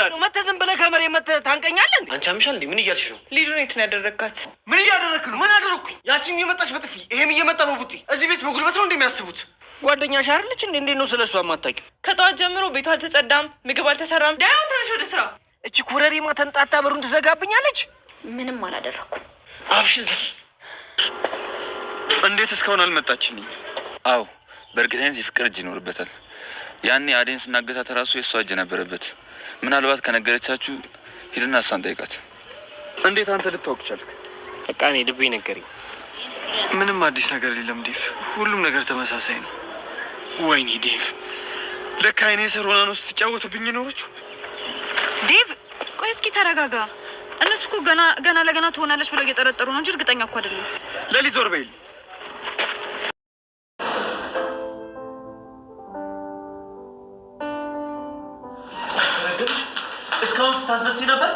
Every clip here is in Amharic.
ይላል? መተህ ዝም ብለህ ከመሬት መተህ ታንቀኛለህ እንዴ? አንቺ አምሻል እንዴ? ምን እያልሽ ነው? ሊዱን የት ነው ያደረግካት? ምን እያደረግክ ነው? ምን አደረግኩኝ? ያቺም እየመጣች በጥፊ ይሄም እየመጣ በቡቲ። እዚህ ቤት በጉልበት ነው እንደሚያስቡት። ጓደኛ ሻርልች እንዴ? እንዴ ነው ስለ እሷ የማታውቂው? ከጠዋት ጀምሮ ቤቷ አልተጸዳም፣ ምግብ አልተሰራም። ዳይሆን ተነሽ ወደ ስራ። እቺ ኮረሪማ ተንጣጣ በሩን ትዘጋብኛለች። ምንም አላደረግኩ። አብሽል እንዴት እስካሁን አልመጣችልኝ? አዎ በእርግጠኝነት የፍቅር እጅ ይኖርበታል። ያኔ አዴን ስናገታት ራሱ የእሷ እጅ ነበረበት። ምናልባት ከነገረቻችሁ ሂድና እሷን ጠይቃት። እንዴት አንተ ልታወቅ ቻልክ? በቃ እኔ ልቤ ነገር ምንም አዲስ ነገር የለም ዴቭ፣ ሁሉም ነገር ተመሳሳይ ነው። ወይኔ ዴቭ፣ ለካ አይኔ ስር ሆና ነው ስትጫወትብኝ ኖረችው። ዴቭ ቆይ እስኪ ተረጋጋ። እነሱ እኮ ገና ገና ለገና ትሆናለች ብለው እየጠረጠሩ ነው እንጂ እርግጠኛ እኮ አይደለም። ለሊ ዞር ታስመስይ ነበር።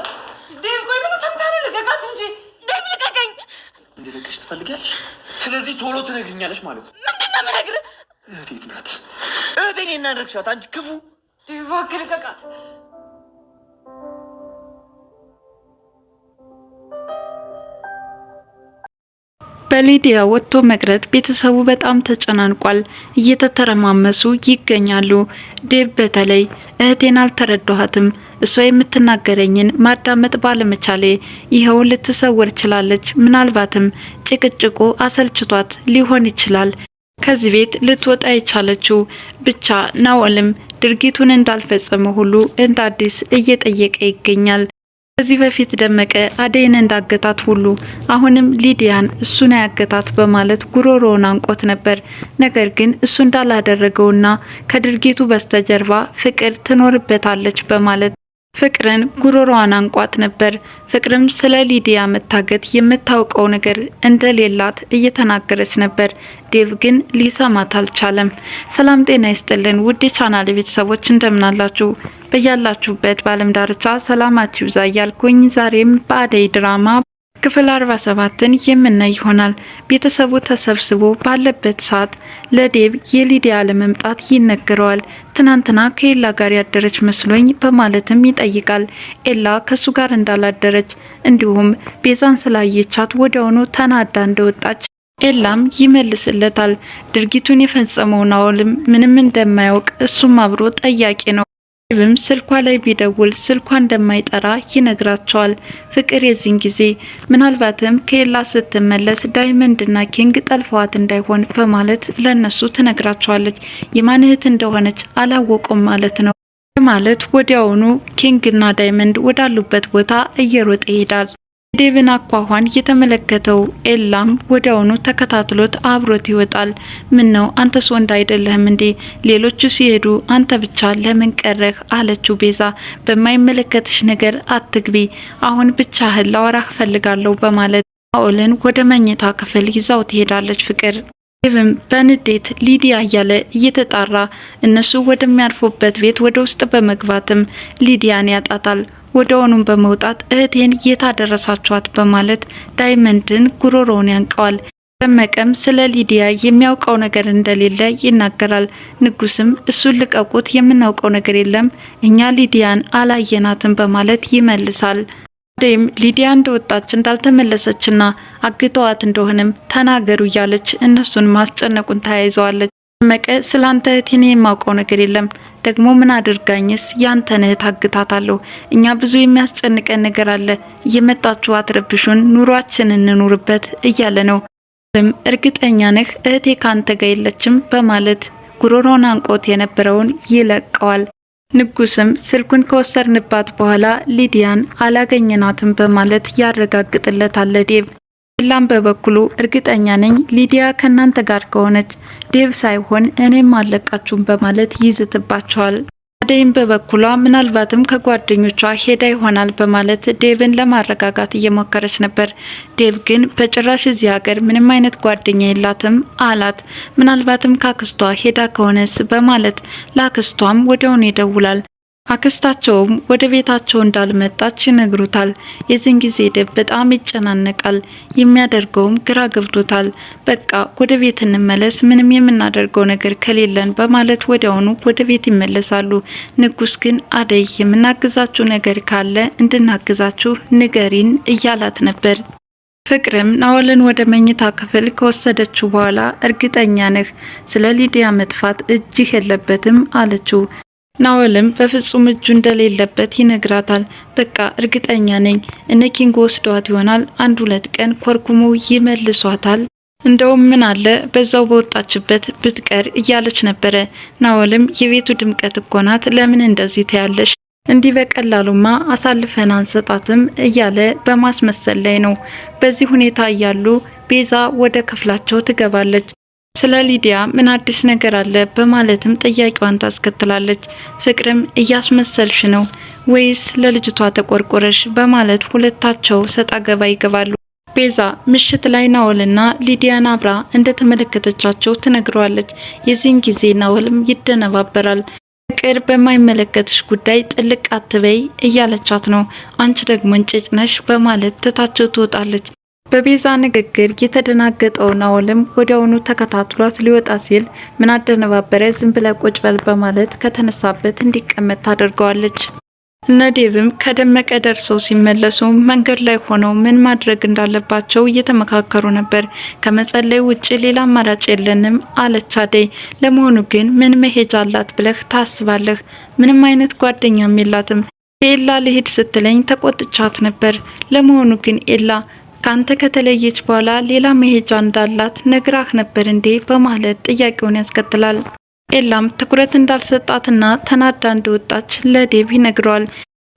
ዴቭ ቆይ ምን ሰምተህ ነው? ልቀቃት እንጂ ዴቭ፣ ልቀቀኝ። እንዲለቀሽ ትፈልጊያለሽ? ስለዚህ ቶሎ ትነግሪኛለሽ ማለት ነው። ምንድን ነው የምነግርህ? እህቴ ናት። እህቴ እኔ እናደርግሻት። አንቺ ክፉ ዴቭ፣ እባክህ ልቀቃት። በሊዲያ ወጥቶ መቅረት ቤተሰቡ በጣም ተጨናንቋል፣ እየተተረማመሱ ይገኛሉ። ዴቭ በተለይ እህቴን አልተረዳኋትም፣ እሷ የምትናገረኝን ማዳመጥ ባለመቻሌ ይኸው ልትሰወር ችላለች። ምናልባትም ጭቅጭቁ አሰልችቷት ሊሆን ይችላል ከዚህ ቤት ልትወጣ የቻለችው ብቻ። ናኦልም ድርጊቱን እንዳልፈጸመ ሁሉ እንደ አዲስ እየጠየቀ ይገኛል። ከዚህ በፊት ደመቀ አደይን እንዳገታት ሁሉ አሁንም ሊዲያን እሱን ያገታት በማለት ጉሮሮውን አንቆት ነበር። ነገር ግን እሱ እንዳላደረገውና ከድርጊቱ በስተጀርባ ፍቅር ትኖርበታለች በማለት ፍቅርን ጉሮሯዋን አንቋት ነበር። ፍቅርም ስለ ሊዲያ መታገት የምታውቀው ነገር እንደሌላት እየተናገረች ነበር። ዴቭ ግን ሊሰማት አልቻለም። ሰላም ጤና ይስጥልን ውድ የቻናል ቤተሰቦች እንደምናላችሁ በያላችሁበት በዓለም ዳርቻ ሰላማችሁ ይብዛ እያልኩኝ ዛሬም በአደይ ድራማ ክፍል 47ን የምናይ ይሆናል። ቤተሰቡ ተሰብስቦ ባለበት ሰዓት ለዴብ የሊዲያ አለመምጣት ይነገረዋል። ትናንትና ከኤላ ጋር ያደረች መስሎኝ በማለትም ይጠይቃል። ኤላ ከሱ ጋር እንዳላደረች እንዲሁም ቤዛን ስላየቻት ወዲያውኑ ተናዳ እንደወጣች ኤላም ይመልስለታል። ድርጊቱን የፈጸመውን አወልም ምንም እንደማያውቅ እሱም አብሮ ጠያቂ ነው። ዴቭም ስልኳ ላይ ቢደውል ስልኳ እንደማይጠራ ይነግራቸዋል። ፍቅር የዚህን ጊዜ ምናልባትም ከኤላ ስትመለስ ዳይመንድና ኪንግ ጠልፈዋት እንዳይሆን በማለት ለነሱ ትነግራቸዋለች። የማንህት እንደሆነች አላወቁም ማለት ነው በማለት ወዲያውኑ ኪንግና ዳይመንድ ወዳሉበት ቦታ እየሮጠ ይሄዳል። የዴቭን አኳኋን የተመለከተው ኤላም ወዲያውኑ ተከታትሎት አብሮት ይወጣል። ምን ነው አንተስ ወንድ አይደለህም እንዴ? ሌሎቹ ሲሄዱ አንተ ብቻ ለምን ቀረህ? አለችው ቤዛ። በማይመለከትሽ ነገር አትግቢ፣ አሁን ብቻህን ላወራህ ፈልጋለሁ በማለት ናኦልን ወደ መኝታ ክፍል ይዛው ትሄዳለች ፍቅር ዴቭም በንዴት ሊዲያ እያለ እየተጣራ እነሱ ወደሚያርፉበት ቤት ወደ ውስጥ በመግባትም ሊዲያን ያጣታል። ወደውኑም በመውጣት እህቴን የታደረሳችኋት በማለት ዳይመንድን ጉሮሮውን ያንቀዋል። ደመቀም ስለ ሊዲያ የሚያውቀው ነገር እንደሌለ ይናገራል። ንጉስም እሱን ልቀቁት፣ የምናውቀው ነገር የለም፣ እኛ ሊዲያን አላየናትም በማለት ይመልሳል። አዴም ሊዲያ እንደወጣች እንዳልተመለሰችና አግተዋት እንደሆነም ተናገሩ እያለች እነሱን ማስጨነቁን ተያይዘዋለች። ደመቀ ስለ አንተ እህቴን የማውቀው ነገር የለም። ደግሞ ምን አድርጋኝስ ያንተን እህት አግታታለሁ? እኛ ብዙ የሚያስጨንቀን ነገር አለ። እየመጣችሁ አትረብሹን፣ ኑሯችን እንኑርበት እያለ ነው። እርግጠኛ ነህ እህቴ ካንተ ጋር የለችም በማለት ጉሮሮን አንቆት የነበረውን ይለቀዋል። ንጉስም ስልኩን ከወሰድንባት በኋላ ሊዲያን አላገኘናትም በማለት ያረጋግጥለታል ለዴብ ላም በበኩሉ እርግጠኛ ነኝ ሊዲያ ከእናንተ ጋር ከሆነች ዴብ ሳይሆን እኔም አለቃችሁም በማለት ይዝትባቸዋል። አደይም በበኩሏ ምናልባትም ከጓደኞቿ ሄዳ ይሆናል በማለት ዴቭን ለማረጋጋት እየሞከረች ነበር። ዴቭ ግን በጭራሽ እዚህ ሀገር ምንም አይነት ጓደኛ የላትም አላት። ምናልባትም ካክስቷ ሄዳ ከሆነስ በማለት ለአክስቷም ወዲያውኑ ይደውላል። አክስታቸውም ወደ ቤታቸው እንዳልመጣች ይነግሩታል። የዚህን ጊዜ ደብ በጣም ይጨናነቃል። የሚያደርገውም ግራ ገብቶታል። በቃ ወደ ቤት እንመለስ፣ ምንም የምናደርገው ነገር ከሌለን በማለት ወዲያውኑ ወደ ቤት ይመለሳሉ። ንጉስ ግን አደይ የምናግዛችሁ ነገር ካለ እንድናግዛችሁ ንገሪን እያላት ነበር። ፍቅርም ናወልን ወደ መኝታ ክፍል ከወሰደችው በኋላ እርግጠኛ ነህ ስለ ሊዲያ መጥፋት እጅህ የለበትም አለችው። ናወልም በፍጹም እጁ እንደሌለበት ይነግራታል። በቃ እርግጠኛ ነኝ እነ ኪንጎ ወስዷት ይሆናል። አንድ ሁለት ቀን ኮርኩሞ ይመልሷታል። እንደውም ምን አለ በዛው በወጣችበት ብትቀር እያለች ነበረ። ናወልም የቤቱ ድምቀት እኮ ናት፣ ለምን እንደዚህ ታያለሽ? እንዲህ በቀላሉማ አሳልፈን አንሰጣትም እያለ በማስመሰል ላይ ነው። በዚህ ሁኔታ እያሉ ቤዛ ወደ ክፍላቸው ትገባለች። ስለ ሊዲያ ምን አዲስ ነገር አለ በማለትም ጥያቄዋን ታስከትላለች። ፍቅርም እያስመሰልሽ ነው ወይስ ለልጅቷ ተቆርቆረሽ በማለት ሁለታቸው ሰጣ ገባ ይገባሉ። ቤዛ ምሽት ላይ ናወልና ሊዲያን አብራ እንደተመለከተቻቸው ትነግረዋለች። የዚህን ጊዜ ናወልም ይደነባበራል። ፍቅር በማይመለከትሽ ጉዳይ ጥልቅ አትበይ እያለቻት ነው። አንቺ ደግሞ እንጭጭ ነሽ በማለት ትታቸው ትወጣለች። በቤዛ ንግግር የተደናገጠው ናኦልም ወዲያውኑ ተከታትሏት ሊወጣ ሲል ምን አደነባበረ ዝም ብለ ቁጭ በል በማለት ከተነሳበት እንዲቀመጥ ታደርገዋለች። እነ ከደመቀ ደርሰው ሲመለሱ መንገድ ላይ ሆነው ምን ማድረግ እንዳለባቸው እየተመካከሩ ነበር። ከመጸለይ ውጭ ሌላ አማራጭ የለንም አለች አደይ። ለመሆኑ ግን ምን መሄጃ አላት ብለህ ታስባለህ? ምንም አይነት ጓደኛም የላትም። ኤላ ልሂድ ስትለኝ ተቆጥቻት ነበር። ለመሆኑ ግን ኤላ ካንተ ከተለየች በኋላ ሌላ መሄጃ እንዳላት ነግራህ ነበር እንዴ በማለት ጥያቄውን ያስከትላል። ኤላም ትኩረት እንዳልሰጣትና ተናዳ እንደወጣች ለዴቭ ይነግረዋል።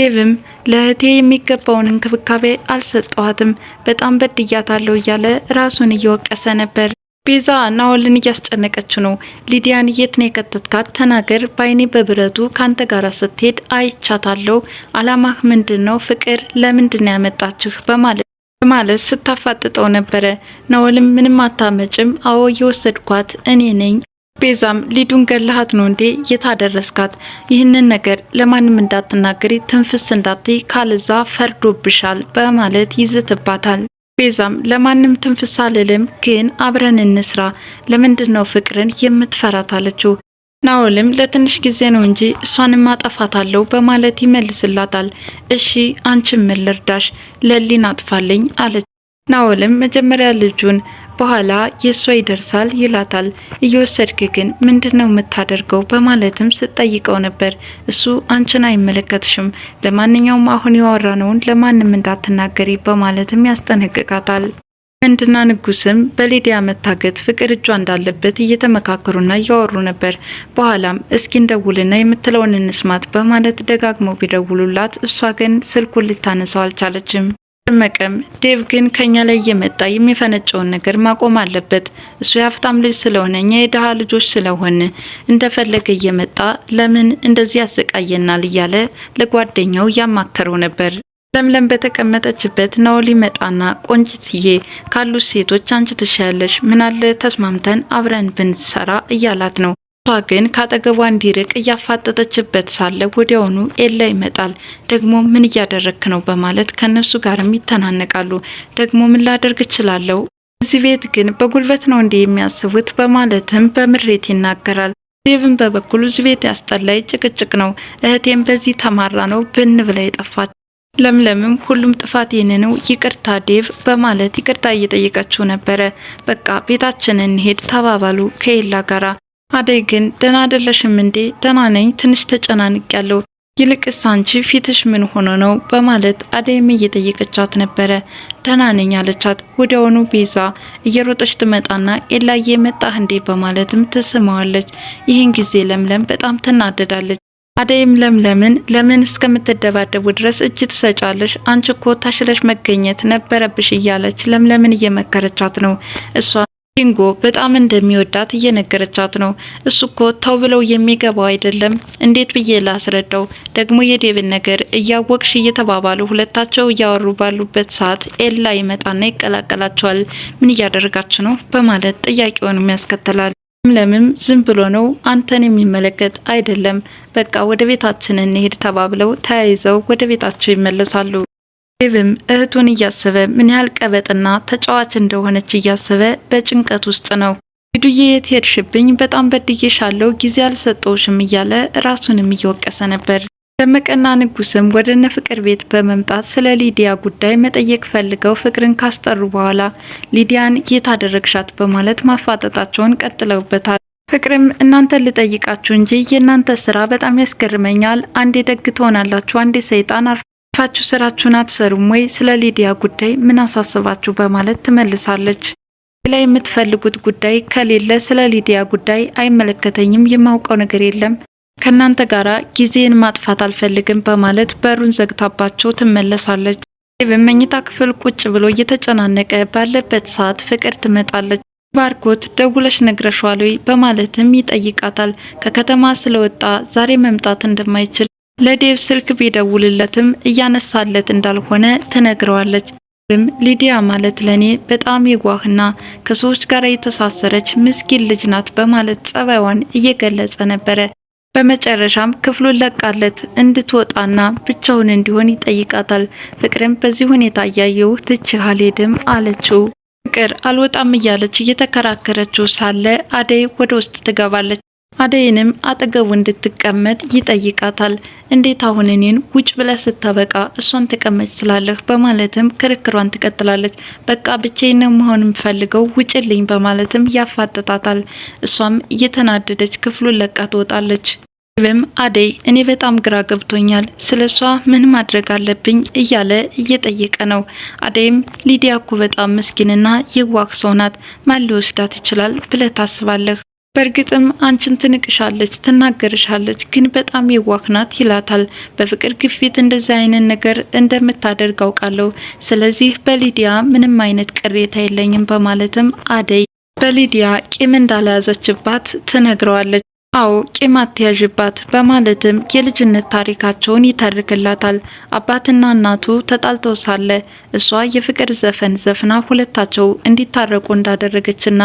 ዴቭም ለእህቴ የሚገባውን እንክብካቤ አልሰጠዋትም፣ በጣም በድያታለሁ እያለ ራሱን እየወቀሰ ነበር። ቤዛ ናወልን እያስጨነቀችው ነው። ሊዲያን የት ነው የከተትካት? ተናገር። በአይኔ በብረቱ ካንተ ጋር ስትሄድ አይቻታለሁ። አላማህ ምንድን ነው? ፍቅር ለምንድን ነው ያመጣችሁ? በማለት በማለት ስታፋጥጠው ነበረ። ናወልም ምንም አታመጭም፣ አዎ የወሰድኳት እኔ ነኝ። ቤዛም ሊዱን ገለሃት ነው እንዴ የታደረስካት? ይህንን ነገር ለማንም እንዳትናገሪ፣ ትንፍስ እንዳትይ፣ ካለዛ ፈርዶብሻል በማለት ይዝትባታል። ቤዛም ለማንም ትንፍስ አልልም፣ ግን አብረን እንስራ። ለምንድን ነው ፍቅርን የምትፈራት? አለችው። ናኦልም ለትንሽ ጊዜ ነው እንጂ እሷንም አጠፋታለሁ በማለት ይመልስላታል። እሺ አንቺም ምን ልርዳሽ? ለሊን አጥፋልኝ አለች። ናኦልም መጀመሪያ ልጁን በኋላ የእሷ ይደርሳል ይላታል። እየወሰድክ ግን ምንድን ነው የምታደርገው? በማለትም ስትጠይቀው ነበር። እሱ አንቺን አይመለከትሽም፣ ለማንኛውም አሁን ያወራነውን ለማንም እንዳትናገሪ በማለትም ያስጠነቅቃታል። ህንድና ንጉስም በሊዲያ መታገት ፍቅር እጇ እንዳለበት እየተመካከሩና እያወሩ ነበር። በኋላም እስኪ እንደውልና የምትለውን እንስማት በማለት ደጋግመው ቢደውሉላት እሷ ግን ስልኩን ልታነሳው አልቻለችም። ደመቀም ዴቭ ግን ከኛ ላይ እየመጣ የሚፈነጨውን ነገር ማቆም አለበት። እሱ የሀብታም ልጅ ስለሆነ እኛ የድሃ ልጆች ስለሆን እንደፈለገ እየመጣ ለምን እንደዚህ ያሰቃየናል እያለ ለጓደኛው እያማከረው ነበር። ለምለም በተቀመጠችበት ናኦል መጣና ቆንጅትዬ ካሉት ሴቶች አንቺ ትሻለሽ፣ ምናለ ተስማምተን አብረን ብንሰራ እያላት ነው። እሷ ግን ከአጠገቧ እንዲርቅ እያፋጠጠችበት ሳለ ወዲያውኑ ኤላ ይመጣል። ደግሞ ምን እያደረክ ነው በማለት ከእነሱ ጋርም ይተናነቃሉ። ደግሞ ምን ላደርግ እችላለሁ? እዚህ ቤት ግን በጉልበት ነው እንዲህ የሚያስቡት በማለትም በምሬት ይናገራል። ዴቭን በበኩሉ እዚህ ቤት ያስጠላይ ጭቅጭቅ ነው፣ እህቴም በዚህ ተማራ ነው ብን ብላ የጠፋች ለምለምም ሁሉም ጥፋት የኔ ይቅርታ ዴቭ በማለት ይቅርታ እየጠየቀችው ነበረ። በቃ ቤታችን እንሄድ ተባባሉ ከኤላ ጋራ። አደይ ግን ደህና አይደለሽም እንዴ? ደህና ነኝ፣ ትንሽ ተጨናንቅ ያለው ይልቅስ አንቺ ፊትሽ ምን ሆኖ ነው? በማለት አደይም እየጠየቀቻት ነበረ። ደህና ነኝ አለቻት። ወዲያውኑ ቤዛ እየሮጠች ትመጣና ኤላዬ መጣህ እንዴ? በማለትም ትስመዋለች። ይህን ጊዜ ለምለም በጣም ትናደዳለች። አደይም ለምለምን ለምን እስከምትደባደቡ ድረስ እጅ ትሰጫለሽ? አንቺ እኮ ታሽለሽ መገኘት ነበረብሽ እያለች ለምለምን እየመከረቻት ነው። እሷ ዲንጎ በጣም እንደሚወዳት እየነገረቻት ነው። እሱ እኮ ተው ብለው የሚገባው አይደለም። እንዴት ብዬ ላስረዳው? ደግሞ የዴብን ነገር እያወቅሽ እየተባባሉ ሁለታቸው እያወሩ ባሉበት ሰዓት ኤላ ይመጣና ይቀላቀላቸዋል። ምን እያደረጋች ነው በማለት ጥያቄውንም ያስከትላል። ለምለም ዝም ብሎ ነው አንተን የሚመለከት አይደለም፣ በቃ ወደ ቤታችን እንሄድ ተባብለው ተያይዘው ወደ ቤታቸው ይመለሳሉ። ዴቭም እህቱን እያሰበ ምን ያህል ቀበጥና ተጫዋች እንደሆነች እያሰበ በጭንቀት ውስጥ ነው። ዱዬ የት ሄድሽብኝ? በጣም በድዬሻለሁ፣ ጊዜ አልሰጠውሽም እያለ ራሱንም እየወቀሰ ነበር። ደመቀና ንጉስም ወደ እነ ፍቅር ቤት በመምጣት ስለ ሊዲያ ጉዳይ መጠየቅ ፈልገው ፍቅርን ካስጠሩ በኋላ ሊዲያን የት አደረግሻት በማለት ማፋጠጣቸውን ቀጥለውበታል። ፍቅርም እናንተን ልጠይቃችሁ እንጂ የእናንተ ስራ በጣም ያስገርመኛል። አንዴ ደግ ትሆናላችሁ፣ አንዴ ሰይጣን፣ አርፋችሁ ስራችሁን አትሰሩም ወይ? ስለ ሊዲያ ጉዳይ ምን አሳስባችሁ በማለት ትመልሳለች። ሌላ የምትፈልጉት ጉዳይ ከሌለ ስለ ሊዲያ ጉዳይ አይመለከተኝም፣ የማውቀው ነገር የለም ከእናንተ ጋር ጊዜን ማጥፋት አልፈልግም በማለት በሩን ዘግታባቸው ትመለሳለች። በመኝታ ክፍል ቁጭ ብሎ እየተጨናነቀ ባለበት ሰዓት ፍቅር ትመጣለች። ባርኮት ደውለሽ ነግረሻል ወይ በማለትም ይጠይቃታል። ከከተማ ስለወጣ ዛሬ መምጣት እንደማይችል ለዴቭ ስልክ ቢደውልለትም እያነሳለት እንዳልሆነ ትነግረዋለች። ም ሊዲያ ማለት ለኔ በጣም የጓህና ከሰዎች ጋር የተሳሰረች ምስኪን ልጅ ናት በማለት ጸባይዋን እየገለጸ ነበረ። በመጨረሻም ክፍሉን ለቃለት እንድትወጣና ብቻውን እንዲሆን ይጠይቃታል። ፍቅርም በዚህ ሁኔታ እያየው ትችህ አልሄድም አለችው። ፍቅር አልወጣም እያለች እየተከራከረችው ሳለ አደይ ወደ ውስጥ ትገባለች። አደይንም አጠገቡ እንድትቀመጥ ይጠይቃታል። እንዴት አሁን እኔን ውጭ ብለህ ስታበቃ እሷን ተቀመጭ ስላለህ በማለትም ክርክሯን ትቀጥላለች። በቃ ብቻዬን መሆን የምፈልገው ውጭልኝ በማለትም ያፋጥጣታል። እሷም እየተናደደች ክፍሉን ለቃ ትወጣለች። ብም አደይ እኔ በጣም ግራ ገብቶኛል፣ ስለ እሷ ምን ማድረግ አለብኝ እያለ እየጠየቀ ነው። አደይም ሊዲያ እኮ በጣም ምስኪንና የዋህ ሰው ናት፣ ማን ሊወስዳት ይችላል ብለህ ታስባለህ? በእርግጥም አንቺን ትንቅሻለች፣ ትናገርሻለች፣ ግን በጣም የዋክናት ናት ይላታል። በፍቅር ግፊት እንደዚህ አይነት ነገር እንደምታደርግ አውቃለሁ። ስለዚህ በሊዲያ ምንም አይነት ቅሬታ የለኝም በማለትም አደይ በሊዲያ ቂም እንዳልያዘችባት ትነግረዋለች። አዎ ቂም አትያዥባት በማለትም የልጅነት ታሪካቸውን ይተርክላታል። አባትና እናቱ ተጣልተው ሳለ እሷ የፍቅር ዘፈን ዘፍና ሁለታቸው እንዲታረቁ እንዳደረገችና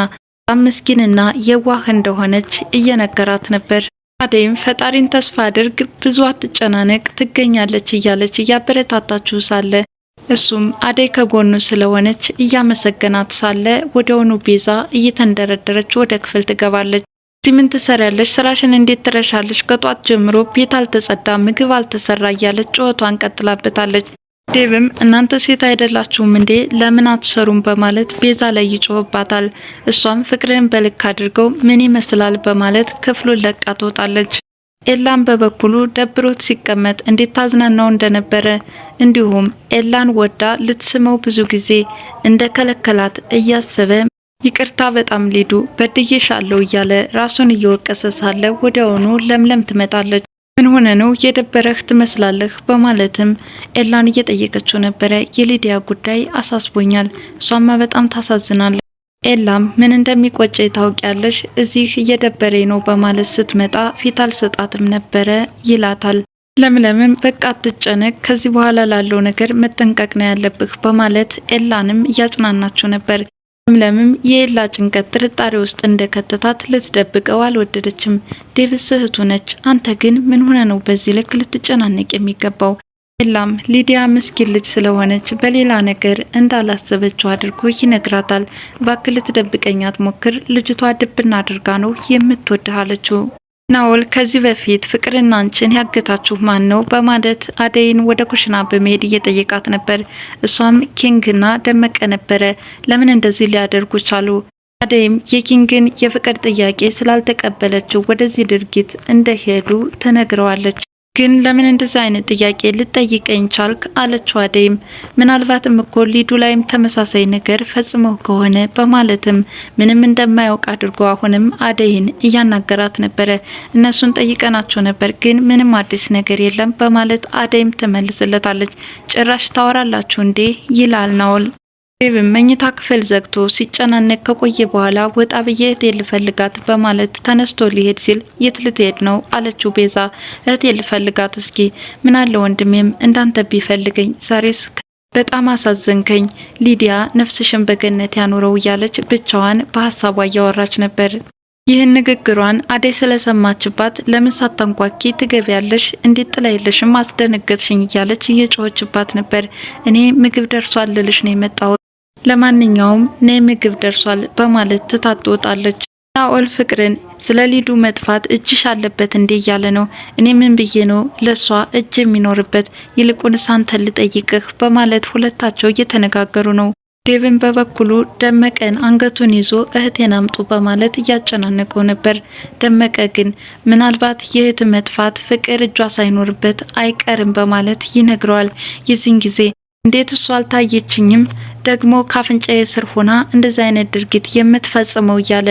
ምስኪንና የዋህ እንደሆነች እየነገራት ነበር። አደይም ፈጣሪን ተስፋ አድርግ፣ ብዙ አትጨናነቅ፣ ትገኛለች እያለች እያበረታታችሁ ሳለ እሱም አደይ ከጎኑ ስለሆነች እያመሰገናት ሳለ ወደውኑ ቤዛ እየተንደረደረች ወደ ክፍል ትገባለች። እዚህ ምን ትሰሪያለሽ? ስራሽን እንዴት ትረሻለሽ? ከጧት ጀምሮ ቤት አልተጸዳ፣ ምግብ አልተሰራ እያለች ጩኸቷን ቀጥላበታለች። ዴብም እናንተ ሴት አይደላችሁም እንዴ ለምን አትሰሩም በማለት ቤዛ ላይ ይጮህባታል። እሷም ፍቅርን በልክ አድርገው ምን ይመስላል በማለት ክፍሉን ለቃ ትወጣለች። ኤላን በበኩሉ ደብሮት ሲቀመጥ እንዴት ታዝናናው እንደነበረ እንዲሁም ኤላን ወዳ ልትስመው ብዙ ጊዜ እንደከለከላት እያሰበ ይቅርታ በጣም ሊዱ በድዬሻለሁ እያለ ራሱን እየወቀሰ ሳለ ወዲያውኑ ለምለም ትመጣለች። ምን ሆነ ነው የደበረህ ትመስላለህ? በማለትም ኤላን እየጠየቀችው ነበረ። የሊዲያ ጉዳይ አሳስቦኛል፣ እሷማ በጣም ታሳዝናለች። ኤላም ምን እንደሚቆጨ ታውቂያለሽ? እዚህ እየደበረኝ ነው በማለት ስትመጣ ፊት አልሰጣትም ነበረ ይላታል። ለምለምም በቃ አትጨነቅ፣ ከዚህ በኋላ ላለው ነገር መጠንቀቅ ነው ያለብህ በማለት ኤላንም እያጽናናችው ነበር። ለምለምም የኤላ ጭንቀት ጥርጣሬ ውስጥ እንደከተታት ልትደብቀው አልወደደችም። ዴቪስ እህቱ ነች። አንተ ግን ምን ሆነ ነው በዚህ ልክ ልትጨናነቅ የሚገባው? ኤላም ሊዲያ ምስኪን ልጅ ስለሆነች በሌላ ነገር እንዳላሰበችው አድርጎ ይነግራታል። ባክ ልትደብቀኝ አትሞክር፣ ልጅቷ ድብና አድርጋ ነው የምትወድህ አለችው። ናኦል ከዚህ በፊት ፍቅርና አንቺን ያገታችሁ ማን ነው በማለት አደይን ወደ ኩሽና በመሄድ እየጠየቃት ነበር። እሷም ኪንግና ደመቀ ነበረ። ለምን እንደዚህ ሊያደርጉ ቻሉ? አደይም የኪንግን የፍቅር ጥያቄ ስላልተቀበለችው ወደዚህ ድርጊት እንደሄዱ ትነግረዋለች። ግን ለምን እንደዚህ አይነት ጥያቄ ልጠይቀኝ ቻልክ? አለችው አደይም ምናልባትም እኮ ሊዱ ላይም ተመሳሳይ ነገር ፈጽመው ከሆነ በማለትም ምንም እንደማያውቅ አድርጎ አሁንም አደይን እያናገራት ነበረ። እነሱን ጠይቀናቸው ነበር፣ ግን ምንም አዲስ ነገር የለም በማለት አደይም ትመልስለታለች። ጭራሽ ታወራላችሁ እንዴ? ይላል ናውል ዴቭም መኝታ ክፍል ዘግቶ ሲጨናነቅ ከቆየ በኋላ ወጣ ብዬ እህቴን ልፈልጋት በማለት ተነስቶ ሊሄድ ሲል የት ልትሄድ ነው አለችው ቤዛ። እህቴን ልፈልጋት እስኪ ምናለ ወንድሜም እንዳንተ ቢፈልገኝ ዛሬስ በጣም አሳዘንከኝ። ሊዲያ ነፍስሽን በገነት ያኑረው እያለች ብቻዋን በሀሳቧ እያወራች ነበር። ይህን ንግግሯን አደይ ስለሰማችባት ለምን ሳታንኳኪ ትገቢያለሽ? እንዴት ጥላይለሽም አስደነገጥሽኝ እያለች እየጮኸችባት ነበር። እኔ ምግብ ደርሷል ልልሽ ነው የመጣሁት ለማንኛውም ነይ ምግብ ደርሷል በማለት ትታት ትወጣለች። ናኦል ፍቅርን ስለ ሊዱ መጥፋት እጅሽ አለበት እንዴ እያለ ነው። እኔ ምን ብዬ ነው ለሷ እጅ የሚኖርበት ይልቁንስ አንተን ልጠይቅህ በማለት ሁለታቸው እየተነጋገሩ ነው። ዴቪን በበኩሉ ደመቀን አንገቱን ይዞ እህቴን አምጡ በማለት እያጨናነቀው ነበር። ደመቀ ግን ምናልባት የእህት መጥፋት ፍቅር እጇ ሳይኖርበት አይቀርም በማለት ይነግረዋል። የዚህን ጊዜ እንዴት እሱ አልታየችኝም? ደግሞ ካፍንጫዬ ስር ሆና እንደዚህ አይነት ድርጊት የምትፈጽመው እያለ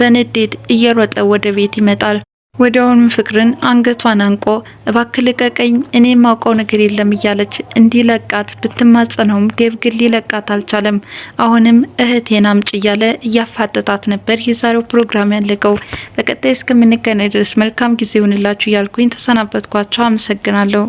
በንዴት እየሮጠ ወደ ቤት ይመጣል። ወዲያውኑ ፍቅርን አንገቷን አንቆ እባክህ ልቀቀኝ፣ እኔ የማውቀው ነገር የለም እያለች እንዲለቃት ብትማጸነውም ዴቭ ግን ሊለቃት አልቻለም። አሁንም እህቴን አምጪ እያለ እያፋጠጣት ነበር። የዛሬው ፕሮግራም ያለቀው። በቀጣይ እስከምንገናኝ ድረስ መልካም ጊዜ ይሁንላችሁ እያልኩኝ ተሰናበትኳቸው። አመሰግናለሁ።